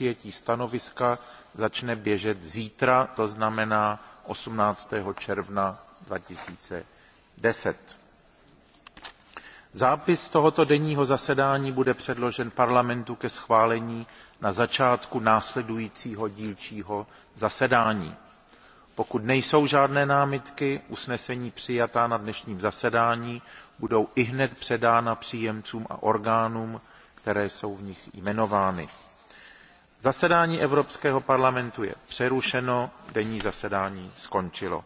přijetí stanoviska začne běžet zítra, to znamená 18. června 2010. Zápis tohoto denního zasedání bude předložen parlamentu ke schválení na začátku následujícího dílčího zasedání. Pokud nejsou žádné námitky, usnesení přijatá na dnešním zasedání budou ihned předána příjemcům a orgánům, které jsou v nich jmenovány zasedání evropského parlamentu je přerušeno denní zasedání skončilo.